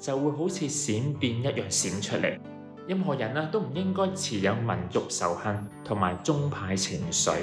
就會好似閃電一樣閃出嚟。任何人咧都唔應該持有民族仇恨同埋宗派情緒。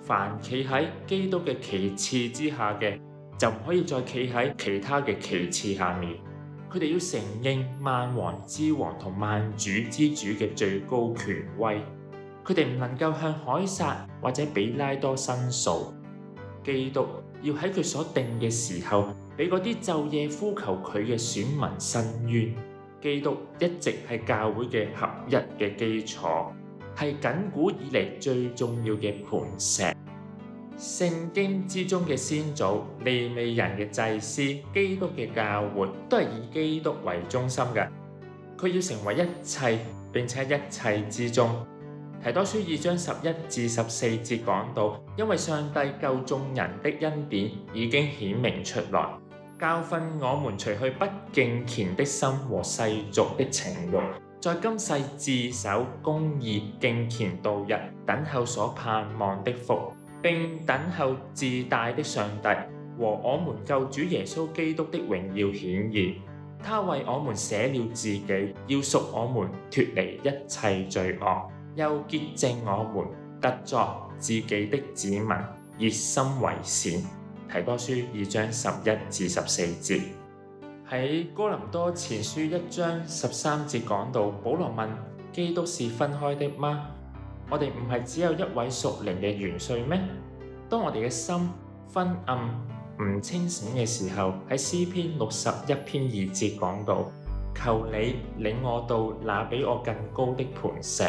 凡企喺基督嘅旗幟之下嘅，就唔可以再企喺其他嘅旗幟下面。佢哋要承認萬王之王同萬主之主嘅最高權威。佢哋唔能夠向凱撒或者彼拉多申訴基督。要喺佢所定嘅時候，俾嗰啲晝夜呼求佢嘅選民伸冤。基督一直係教會嘅合一嘅基礎，係亙古以嚟最重要嘅磐石。聖經之中嘅先祖、利未人嘅祭司、基督嘅教會，都係以基督為中心嘅。佢要成為一切，並且在一切之中。提多書二章十一至十四節講到，因為上帝救眾人的恩典已經顯明出來，教訓我們除去不敬虔的心和世俗的情欲，在今世自守公義敬虔度日，等候所盼望的福，並等候自大的上帝和我們救主耶穌基督的榮耀顯現。他為我們寫了自己，要贖我們脫離一切罪惡。又潔淨，我們特作自己的子民，熱心為善。提多書二章十一至十四節。喺哥林多前書一章十三節講到，保羅問基督是分開的嗎？我哋唔係只有一位屬靈嘅元帥咩？當我哋嘅心昏暗唔清醒嘅時候，喺詩篇六十一篇二節講到，求你領我到那比我更高的磐石。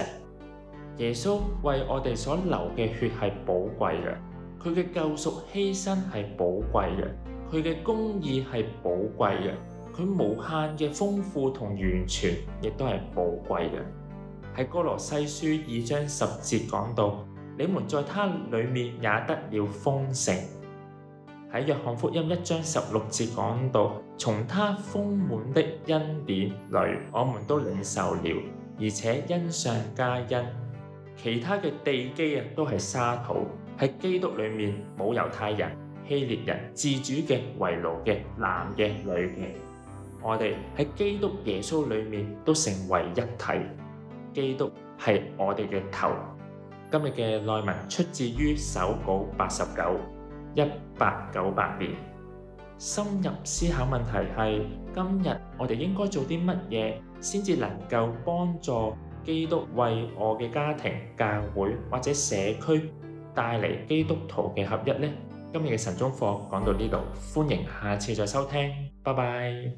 耶穌為我哋所流嘅血係寶貴嘅，佢嘅救贖犧牲係寶貴嘅，佢嘅公義係寶貴嘅，佢無限嘅豐富同完全亦都係寶貴嘅。喺哥羅西書二章十節講到，你們在他裏面也得了豐盛。喺約翰福音一章十六節講到，從他豐滿的恩典裏，我們都領受了，而且恩上加恩。其他嘅地基啊，都係沙土。喺基督裏面冇猶太人、希臘人、自主嘅、為奴嘅、男嘅、女嘅。我哋喺基督耶穌裏面都成為一體。基督係我哋嘅頭。今日嘅內文出自於手稿八十九，一八九八年。深入思考問題係：今日我哋應該做啲乜嘢先至能夠幫助？基督為我嘅家庭、教會或者社區帶嚟基督徒嘅合一呢？今日嘅晨鐘課講到呢度，歡迎下次再收聽，拜拜。